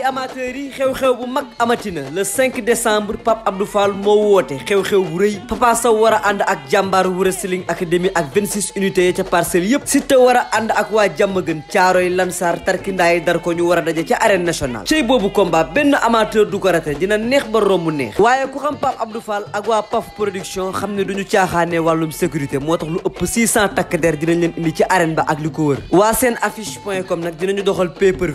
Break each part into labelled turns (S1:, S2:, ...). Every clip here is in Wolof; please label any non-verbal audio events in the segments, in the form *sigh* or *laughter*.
S1: mbokki amateurs yi xew-xew bu mag amatina le 5 décembre Pape Abdou Fall moo woote xew-xew bu rëy Papa Sow war ànd ak jàmbaar Wrestling Academy ak 26 unités ya ca parcelle yëpp Siteu war a ànd ak waa Jàmmagën Caaroy Lansar Tarkindaay dar ko ñu war a daje ca arène nationale cey boobu combat benn amateur du ko rate dina neex ba romb neex waaye ku xam Pape Abdou Fall ak waa Paf production xam ne duñu caaxaane wàllum sécurité moo tax lu ëpp 600 takk der dinañ leen indi ci arène ba ak li ko wër waa seen affiche point com nag dinañu doxal pay per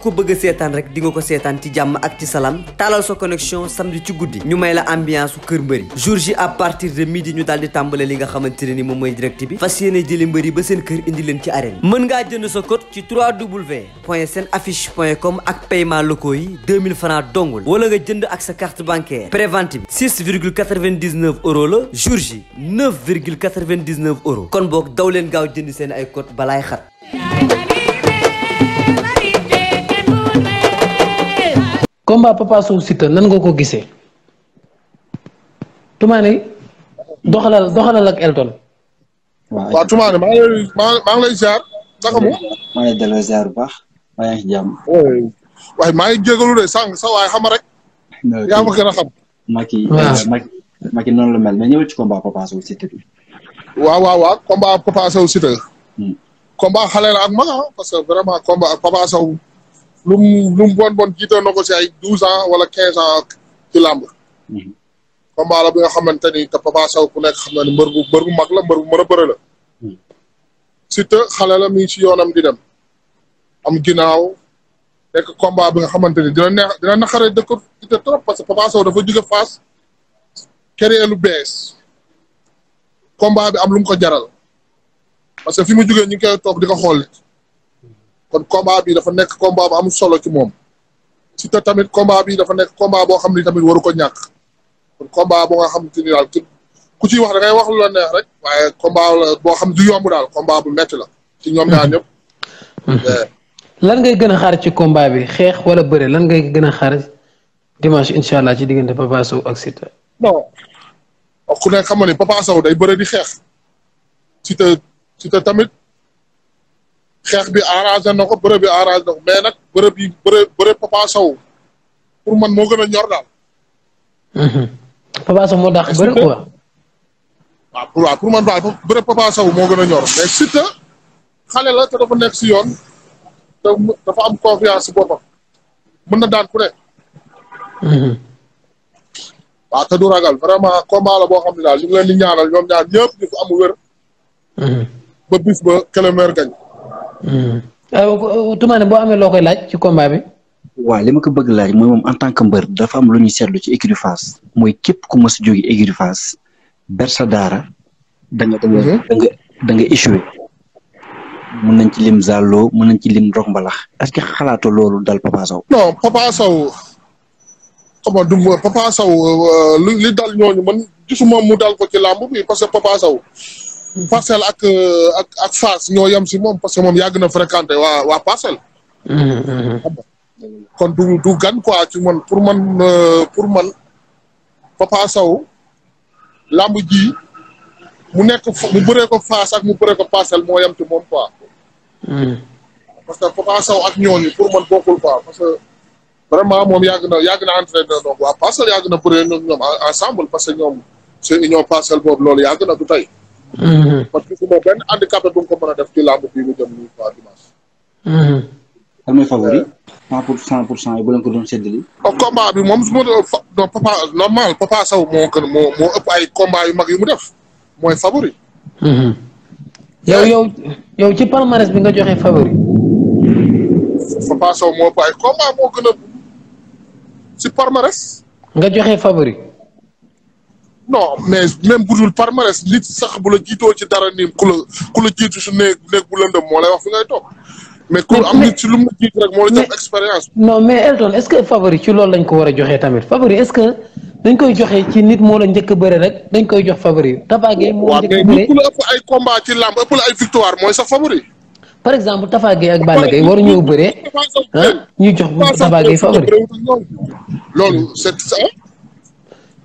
S1: ko bëgg a rek di nga ko seetaan ci jàmm ak ci salaam taalal sa connexion samedi ci guddi ñu may la ambiance su kër mbëri jour ji à partir de midi ñu daal di tàmbale li nga xamante ne ni moom mooy direct bi fas yéene jëli mbëri ba seen kër indi leen ci arène mën ngaa jënd sa code ci 3w point seen affiche point com ak paiement locaux yi 2000 francs dongul wala nga jënd ak sa carte bancaire prévente bi 6 virgule 99 euros la jour ji 9 virgule 99 euros kon book daw leen gaaw jënd seen ay code balaay xat
S2: combat Papa Sow Siteu nan nga ko gisee. Toumane doxalal doxalal Elton. waaw Toumane maa ngi lay maa ngi lay ziar.
S3: naka mu maa ngi lay delloo ziar bu baax maa ngi sànq sa rek. yaa ma a xam. Eh, Macky Macky noonu la mel mais ñëwal ci combat Papa Sow Siteu bi. waaw waaw waaw combat Papa Sow Siteu. Hmm. combat xale la ak mag ah, parce que vraiment combat Papa Sow lu bon bon jiite na ko si ay douze ans wala quinze ans ci làmb. Mhm. combat la bi nga xamante ni te Papa Sow ku nekk xam na ne mbër bu mbër bu mag la mbër bu mën a bëre la. Mhm. Siteu mi ngi si yoonam di dem. am ginnaaw nekk combat bi nga xamante ni dina neex dina naxaree dëkk Siteu trop parce que Papa da dafa jóge Fass. créer lu bees. combat bi am lu mu ko jaral. parce que fi mu jógee ñu ngi koy toog di ko xool. kon combat bi dafa nekk combat bu am solo ci moom Siteu tamit combat bi dafa nekk combat boo xam ni tamit waru ko ñàkk kon combat boo nga xamante ni daal ku ci wax da ngay la rek waaye combat boo xam du yomb daal combat bu metti la ci ñoom ñaar ñëpp.
S2: lan ngay gën a xaar ci combat bi xeex wala bëre lan ngay gën a xaar dimanche incha allah ci diggante Papa Sow ak Siteu.
S3: non ku ne xam Papa Sow day bëre di xeex Siteu Siteu tamit. xeex bi arrangé na ko bërëb bi arrangé na ko mais nag bërëb Papa Sow pour man moo gën a ñor daal.
S2: *laughs* Papa Sow moo dàq bëri quoi.
S3: waaw pour moo gën a ñor mais Siteu xale la te dafa nekk si yoon te dafa am confiance si mën na daan ku ne. *laughs* waaw te du ragal vraiment combat la boo xam ne daal ñu leen di ñaanal ñoom
S2: ñaar *laughs* ba bis ba kilomètre gañ. Euh, Toumane boo amee loo koy laaj ci combat bi. waaw li ma ko bëgg laaj mooy moom en tant que mbër dafa am lu ñu seetlu ci écurie Fass mooy ku mës a jóge écurie Fass ber sa daara
S4: da nga da nga mhm. da nga échoué. mën nañ ci lim Zallo mën nañ ci lim Rock Mbalax est-ce que xalaatoo loolu dal Papa Sow.
S3: non Papa Sow xam du Papa euh, li dal ñooñu man gisuma mu dal ko ci làmb bi parce que Papa parcelle ak euh, ak ak Fass ñoo yem si moom parce que moom yàgg na fréquenté waa waa parcelle. kon du du gan quoi ci man pour man euh, pour man Papa Sow làmb ji mu nekk mu bëree ko Fass ak mu bëree ko moo yem ci moom quoi. parce que Papa Sow ak ñooñu pour man bokkul quoi parce que vraiment moom yàgg na yàgg na entraîné donc waa parcelle yàgg na bëree ñoom ensemble parce que ñoom c'est union parcelle boobu loolu yàgg na du tey. kon mm-hmm. gisuma benn handicapé bu nga ko mën a def ci làmb bii mu jëm nii
S4: mm-hmm. favori. cent pour cent pour cent yi bu leen ko doon séddale.
S3: Oh, combat bi moom su ma doon papa papa saw ay combat yu mag yu mu def mooy favori. Mm-hmm. yow yow yow ci palmarès bi nga joxe favori. papa saw moo ëpp ay combat moo gën a si palmarès.
S2: nga joxe favori.
S3: non mais même bu dul palmarès nit sax bu la ci dara nii ku ku la jiitu su néeg néeg bu lëndëm moo wax fi ngay mais ku am ci
S2: lu mu jiitu moo la jox expérience. mais Elton est-ce que favori ci loolu lañ ko war a joxee tamit favori ce que dañ koy joxe ci nit moo la njëkk a bëre rek dañ koy jox favori. Tapha Gueye moo njëkk a bëre ay combat ci làmb ëpp la mooy sax favori. par exemple Tapha Gueye ak Balla Gaye waru ñëw bëree ah ñu jox Tapha Gueye favori. loolu c'est ça.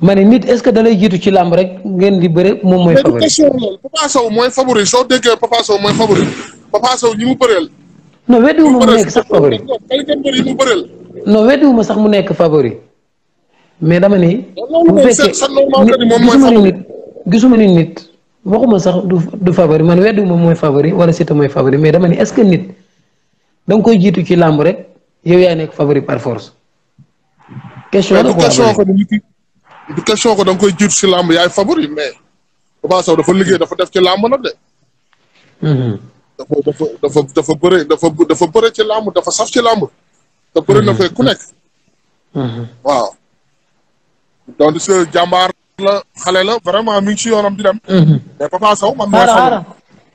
S2: ma ne nit est-ce que da lay jiitu ci làmb rek ngeen di bëre moom mooy. favori Papa mooy favori soo déggee Papa Sow mooy favori Papa ñi mu bëreel. non weddi mu nekk sax favori ma sax mu nekk favori. mais dama ne. bu gisuma nit gisuma ni sax du du favori man weddi wu mooy favori wala Siteu mooy mais dama ne est-ce que nit da koy jiitu ci làmb rek yow yaa nekk favori par force. question la
S3: du question ko da nga koy jiitu si làmb yaay favori mais Papa Sow dafa liggéey dafa def ci làmb nag de. Mm-hmm. dafa dafa dafa dafa bëre dafa dafa bëre ci làmb dafa saf ci làmb. te bëri na fee ku nekk. Mm-hmm. waaw. donc ce jàmbaar la xale la vraiment mi ngi si yoonam di dem. Mm-hmm. mais Papa Sow man. xaaral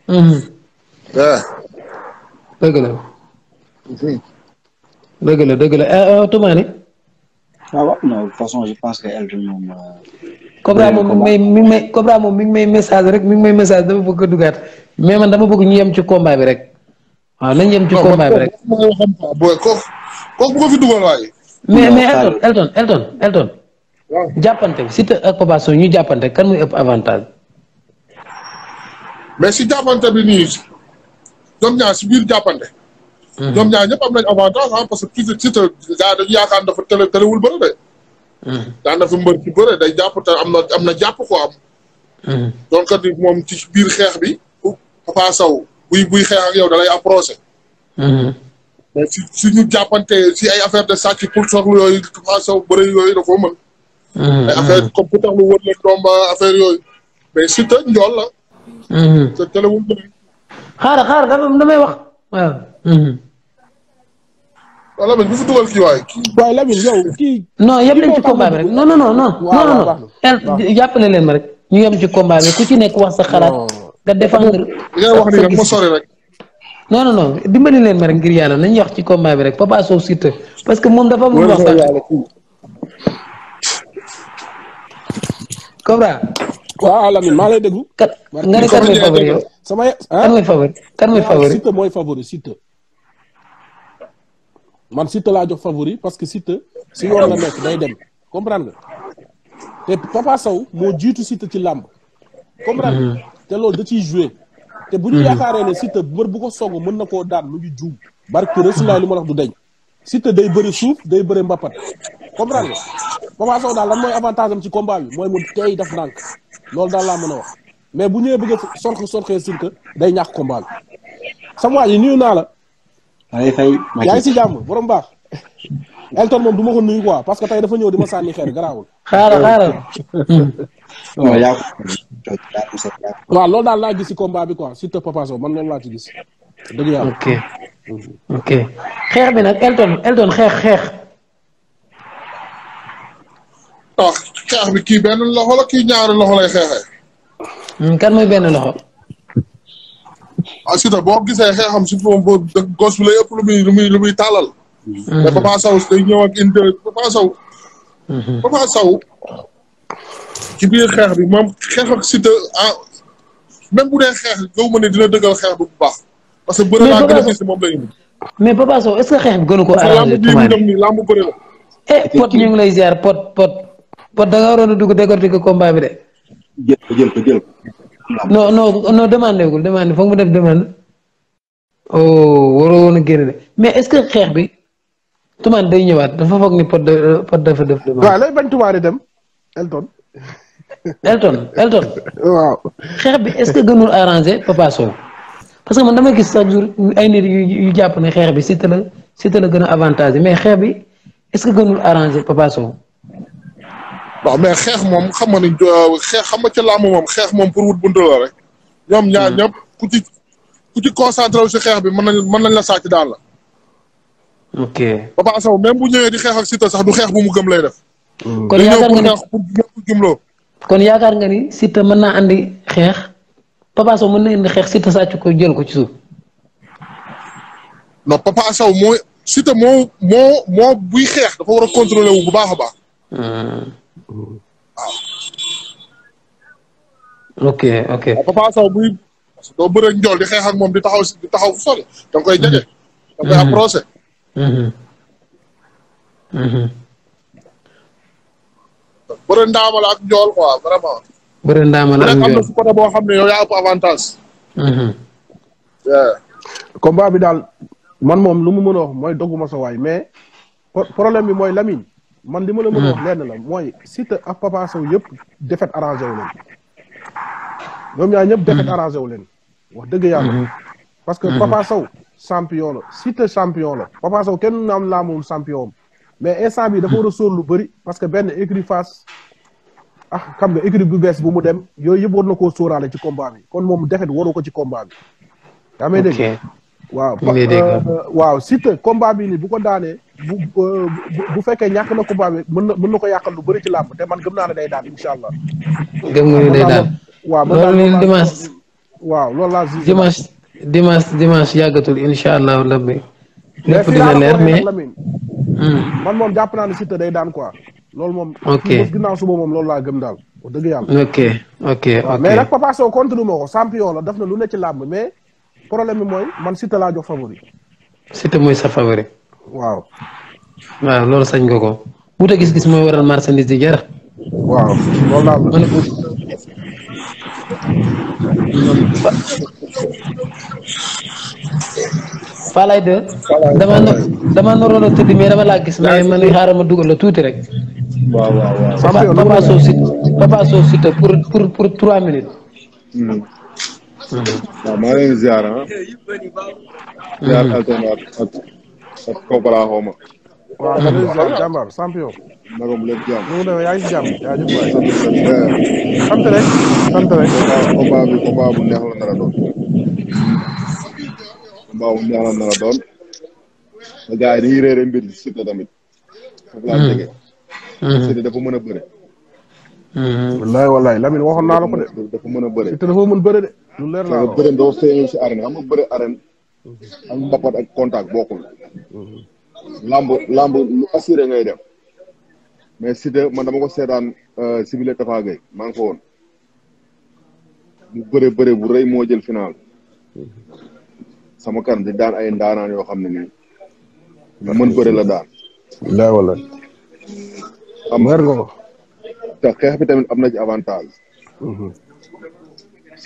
S2: xaaral dëgg la. dëgg la dëgg eh, la eh, Toumani ah waaw non de que Elton euh, moom. Cobra moom mi may Cobra moom mi ngi may message rek mi ngi may message dama bëgg a dugaat mais man dama bëgg ñu yem ci combat bi rek waaw nañ yem ci combat bi rek. booy mais mais Elton Elton Elton jàppante bi Siteu a Papa Sow ñu jàppante kan muy ëpp avantage. mais si jàppante bi nii ñoom ñaar si biir jàppante.
S3: Mhm. ñoom ñaar ñëpp am nañ avantage ah parce que ci te gars dafa tële tëlewul bëre mhm. na fi mbër ci bëre day jàpp am na am na jàpp ko am. Mhm. donc kat moom ci biir xeex bi Papa Sow buy yow da lay ñu jàppante si ay affaire de sàcc pour soxla yooyu Papa Sow bëre yooyu da koo ay affaire comme ku tax lu wër leen affaire yooyu mais si te njool la. te tëlewul bëre. xaaral damay wax
S2: waaw Lamine bu fi dugal kii waay. waaw Lamine yow kii. non yem ci combat bi rek non non non non. waaw waaw waaw non non leen ma rek. ñu yem ci combat bi ku ci nekk wax sa xalaat. nga défendre. li ngay wax nii rek ma sori rek. non non non dimbali leen ma rek ngir yàlla nañu wax ci combat bi rek Papa Sow parce que moom dafa am lu wax sax.
S4: Cobra. waaw Lamine kat
S2: nga ne kan mooy favori yow.
S4: kan ah? mooy
S2: favori kan mooy
S4: ah, man Siteu laa jox favori parce que Siteu si yoon nekk day dem comprendre nga te Papa Sow moo jiitu Siteu ci làmb comprendre nga te loolu da ci joué te bu ñu mhm. yaakaaree ne Siteu mbër bu ko song mën na koo daan mu ngi juum barke resilaay li ma wax du deñ Siteu day bëri suuf day bëri mbapat comprendre nga Papa Sow daal lan mooy avantage am ci combat bi mooy mu tey daf ndànk loolu daal laa mën a wax mais bu ñëwee bëgg a sorx sorxee Siteu day ñàkk combat waaye fay. yaa ngi si jàmm borom baax. Elton moom du ma ko nuyu quoi parce que tey dafa ñëw di ma sànni xeer garaawul. xaaral xaaral. waaw loolu daal laa gis si combat bi quoi surtout Papa Sow man loolu laa ci gis. dëgg
S2: ok.
S3: xeex bi nag Elton xeex xeex. ah xeex bi kii benn loxo kii ñaari loxo lay hmm, kan mooy benn loxo. waaw Siteu boo gisee xeexam surtout moom boo gos bi lay ëpp lu muy lu muy lu muy tàllal. Mm-hmm. mais Papa Sow day ñëw mm-hmm. Sow. ci biir xeex bi moom xeex ak Siteu ah, bu dee xeex gaw ma ne dina dëggal xeex bi bu baax. parce que bëri naa gën moom
S2: lay ko. arrangé tuumaale parce que lamb bii mu dem nii lamb bëri la. eh Pod ñu ngi lay ziar Pod Pod Pod da nga waroon a dugg décortiquer combat bi ko jël ko jël no non non demandé wul demandé foog mu def demande. oh waroo woon a génne mais est-ce que xeex bi tumaan day ñëwaat dafa foog ni pot de pot dafa def demande. waaw lay bañ tumaan dem Elton. Elton Elton. *laughs* xeex bi est-ce que gënul arrangé Papa parce que man dama gis chaque jour ay nit yu jàpp ne xeex bi Siteu la Siteu la gën a avantage mais xeex bi est-ce que gënul arrangé Papa non mais xeex moom xam nga ni euh, xeex xam nga ca làmb moom xeex moom pour wut buntu
S3: la rek. ñoom ñaar hmm. ñëpp ku ci ku ci concentré wu si xeex bi mën nañ mën nañ la sàcc daal la. ok Papa Sow même bu ñëwee di xeex ak Siteu sax du xeex bu mu gëm lay def. Hmm. kon yaakaar nga ni
S2: pour gëmloo. kon yaakaar nga ni Siteu mën naa andi xeex Papa Sow mën na indi xeex Siteu sàcc ko jël ko ci suuf.
S3: non Papa Sow mooy Siteu moo moo moo buy xeex dafa war a contrôlé wu bu baax a baax.
S2: Hmm. ok ok
S3: waaw Papa Sow buy doo bëre ak njool di xeex ak di taxaw di taxaw fu koy jege.
S2: Mm-hmm. da koy approché. Mm-hmm. Mm-hmm.
S3: bëre ndaama la ak njool quoi vraiment. bëre xam ne yow yaa ëpp avantage.
S4: combat bi daal man moom lu mu mën a wax mooy dogguma sa mais problème bi mooy Lamine. man li ma la mën a wax hmm. lenn la mooy Siteu ak yëpp defet arrangé wu leen ñoom ñëpp defet hmm. arrangé wu leen wax dëgg yàlla hmm. parce que Papa Sow champion la Siteu champion la Papa Sow kenn naam laamul champion mais instant bi dafa war a sóor lu bëri parce que benn écurie Fass ah xam nga écurie bu bees bu mu dem yooyu yëpp war na koo sóoraale ci combat bi kon moom defet waru ko ci combat yaa may dégg waaw euh, waaw Siteu combat bi nii bu ko daanee bu bu fekkee ñàkk na combat bi mën na mën na ko yàqal lu bëri ci làmb te man gëm naa day daan incha allah.
S2: gëm nga day daan
S4: waaw mën naa loolu waaw loolu laa si.
S2: dimanche dimanche dimanche yàggatul incha allah rabbi. lépp dina mais hmm.
S4: man moom jàpp naa ne Siteu day daan quoi. loolu moom. ok ginnaaw suba moom loolu laa gëm daal. wax dëgg yàlla. ok
S2: ok ok mais nag
S4: Papa Sow contre ma la def na lu ne ci làmb mais. problème bi mooy man Siteu laa jox favori.
S2: Siteu mooy sa favori. waaw. loolu sañ nga ko. wuute gis-gis mooy waral marchandise di jar. waaw loolu laa mën a. Falaye de dama na tëdd mais dama laa gis mais man xaaral ma dugal tuuti rek. waaw Papa Sow Siteu Papa Sow Siteu pour trois minutes.
S5: Hmm. waaw hm. maa ngi leen di ziar ah. E, e
S2: ziar hm. Altona waaw
S5: maa
S4: ngi leen di ziar jàmbaar champion. naka ngi a
S5: doon. combat dafa mën a bëre. wallaahi wallaahi Lamine waxoon naa la dafa mën a bëre de. lu leer doo seeyal si arène xam nga bëre arène mhm. ak mbapat ak contact bokkul mhm. lamb lamb lu assuré ngay def mais Siteu man dama ko seetaan euh, sibile Tafa Gueye maa ngi fa woon mu bëre bu rëy moo jël final mhm. sama kan di daan ay ndaanaan yoo xam ne nii nga mën bëre la daan laa wala am te xeex bi tamit am na ci avantage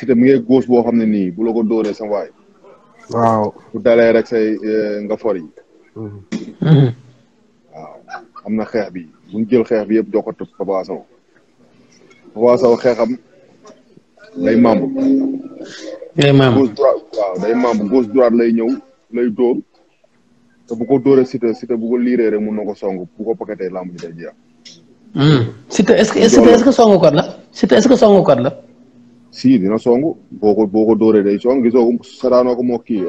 S5: Siteu mi ngay góos boo xam ne nii bu la ko dóoree sa waay. waaw bu dalee rek say eh, nga for mm-hmm. waaw am na xeex bi bu jël xeex bi yëpp jox ko Papa Sow Papa Sow xeexam day mamb. day mamb góos droite waaw day mamb góos droite lay ñëw lay dóor te bu ko dóoree Siteu Siteu bu ko liiree rek mun na ko song bu ko paketee lamb ji day jeex.
S2: Mm. Siteu est-ce que est la Siteu est-ce que la.
S5: si dina songu boo ko boo ko dóoree euh, day song gisoo ko saraanoo moo kii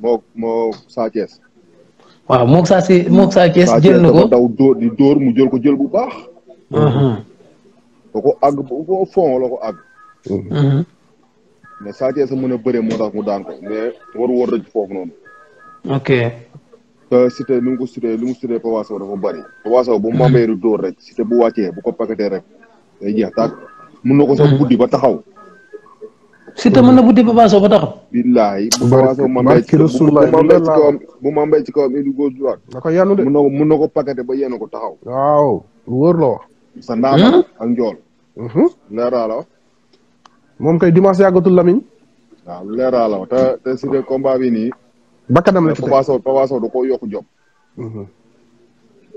S5: moo moo Sa Thiès.
S2: waaw jël na ko
S5: daw dóor di dóor mu jël ko jël bu baax. boo uh-huh. ko àgg boo fond la ko àgg. Uh-huh. mais Sa Thiès a mën a bëree moo tax mu daan ko mais waru war rëcc foofu noonu. ok. te Cité nu mu ko Cité nu mu Cité Papa Sow dafa bëri. Papa Sow bu mu mbambee uh-huh. rek Cité bu wàccee bu ko paketee rek day jeex tàkk. mun na ko sax buddi ba taxaw.
S2: Siteu mën na buddi Papa Sow ba taxaw.
S5: billaay bu Papa Sow mambay ci kawam bu mambay ci kawam il góor droit. da ko yanu de mun na ko mun na ko pakete ba yéen ko taxaw.
S2: waaw wóor
S5: la wax. sa ndaama hmm? ak njool. Mhm. leeraa la wax. moom kay dimanche yàggatul Lamine. waaw leeraa la wax te te Siteu combat bi nii. bakkanam la ci teg Papa Sow Papa Sow da koo yokk jom. Mhm.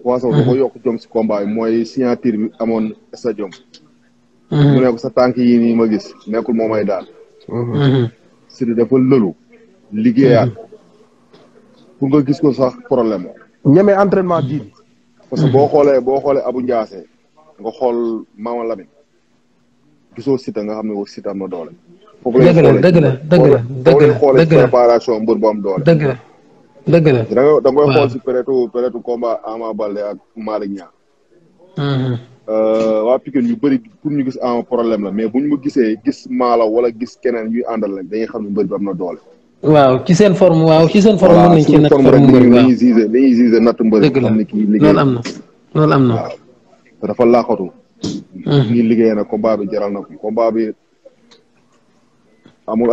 S5: Papa Sow da hmm. koo yokk jom si combat bi mooy signature bi amoon stadium. Hmm. mu ne ko sa tànk yi nii ma gis nekkul moo may daal. Mhm. Mhm. Sidi dafa lëlu liggéeyaat mhm. pour nga gis ko sax problème la. ñeme entraînement jiidi. parce que boo xoolee boo xoolee Abu Ndiassé nga xool Mama Lamine gisoo Siteu nga xam ne woo Siteu am doole. foofu la ñuy dëgg la dëgg la dëgg la
S2: da
S5: ngay xool si période période combat Ama Baldé ak Malick Niang. Euh, waa Pikine ñu bëri pour ñu gis am problème la mais bu ñu ma gisee gis maala wala gis keneen ñuy àndal rek dañuy xam ne mbër am na doole.
S2: waaw ci seen forme waaw ci seen forme. mën nañ ci natt forme mbër yi dañuy gisee dañuy gisee natt mbër yi. dëgg la loolu am na dafa laaxatu. Hmm.
S5: ñuy liggéey na combat bi jaral na ko combat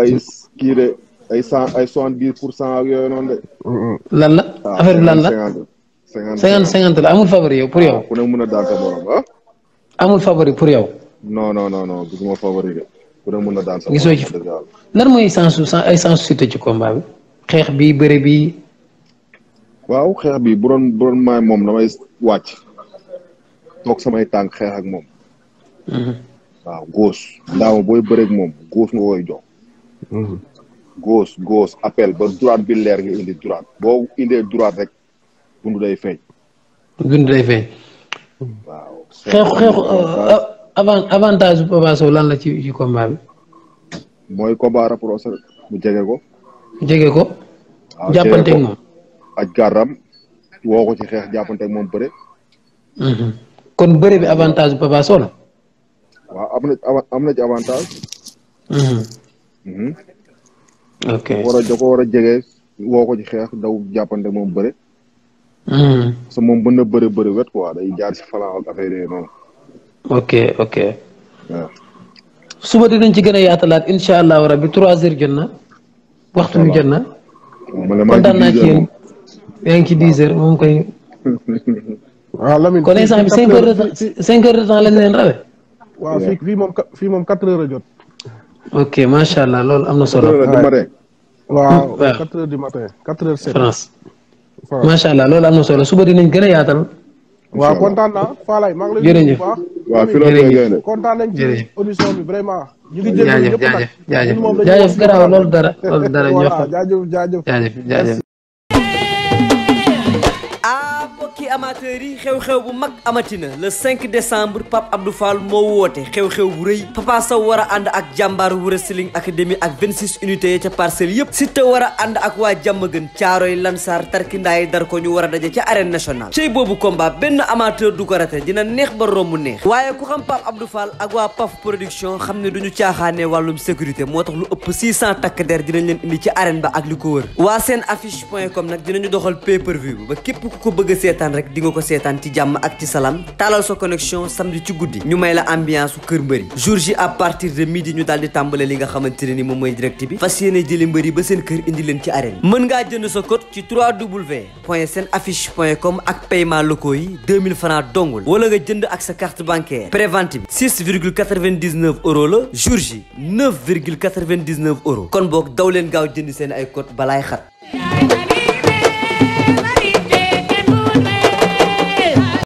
S5: ay kii de ay ay soixante dix pour cent ak yooyu
S2: hmm. lan la ah, affaire lan la. cinquante cinquante la amul favori yow pour ah, yow. ku
S5: ne mën a daal sa borom ah.
S2: amul favori pour yow.
S5: non non non non gisuma favori de. ku ne mën na daan sama gisoo ci
S2: lan mooy sensu sens ay ci combat bi. xeex bi bëre bi.
S5: waaw xeex bi bu doon bu moom damay wàcc toog samay tànk xeex ak moom. Mhm. waaw góos. ndaama booy bëreeg moom góos nga koy jox. Mhm. góos appel ba droite bi leer nga indi droite boo indee droite rek dund day feeñ.
S2: dund day feeñ. waaw xeexu xeexu avantage bu Papa Sow lan la ci ci combat bi.
S5: mooy combat rapproché mu jege ko.
S2: jege ko. waaw ah, jàppanteeg moom.
S5: aj gàrram ci xeex jàppanteeg moom bëre.
S2: Mhm. kon bëre bi avantage bu Papa Sow la.
S5: am na am avantage. Mhm. Mhm. ok. war a war a jege woo ko ci xeex daw jàppante moom bëre. parce mm. que moom
S2: mën ci gën a yaatalaat incha allahu rabi trois heures jot na. waxtu bi jot na. kontaan naa heures moom *laughs* ah, kon instant cinq heures de
S5: temps
S4: cinq heures moom quatre heures jot.
S2: ok macha allah am na solo.
S4: Hmm, France.
S2: macha allah loolu am na solo suba dinañ gën a yaatal. waaw kontaan
S4: naa Falaye maa ngi lay nuyu bu la
S2: kontaan nañ ci
S4: bi vraiment. ñu ngi jël ñëpp nag
S2: jaajëf jaajëf jaajëf loolu dara loolu dara *laughs* ñoo xam
S1: amateurs yi xew-xew bu mag amatina le 5 décembre Pape Abdou Fall moo woote xew-xew bu rëy Papa Sow war a ànd ak jàmbaaru wrestling académie ak 26 unités ya ca parcelles yëpp Siteu war a ànd ak waa Jàmmagën Caaroy Lansar Tarkindaay dar ko ñu war a daje ca arène nationale cey boobu combat benn amateur du ko rate dina neex ba romb neex waaye ku xam Pape Abdou Fall ak waa Paf production xam ne duñu caaxaane wàllum sécurité moo tax lu ëpp 600 takk der dinañ leen indi ci arène ba ak li ko wër waa seen ku ko bëgg a seetaan rek di nga ko seetaan ci jàmm ak ci salaam taalal sa connexion samedi ci guddi ñu may la ambiance kër mbëri jour ji à partir de midi ñu daal di tàmbale li nga xamante ne ni moom mooy direct bi fas yéene jëli mbëri ba seen kër indi leen ci arène mën ngaa jënd sa code ci 3w point seen affiche point com ak paiement locaux yi 2000 francs dongul wala nga jënd ak sa carte bancaire prévente bi 6 virgule 99 euros la jour ji 9 virgule 99 euros kon boo daw leen gaaw jënd seen ay code balaay xat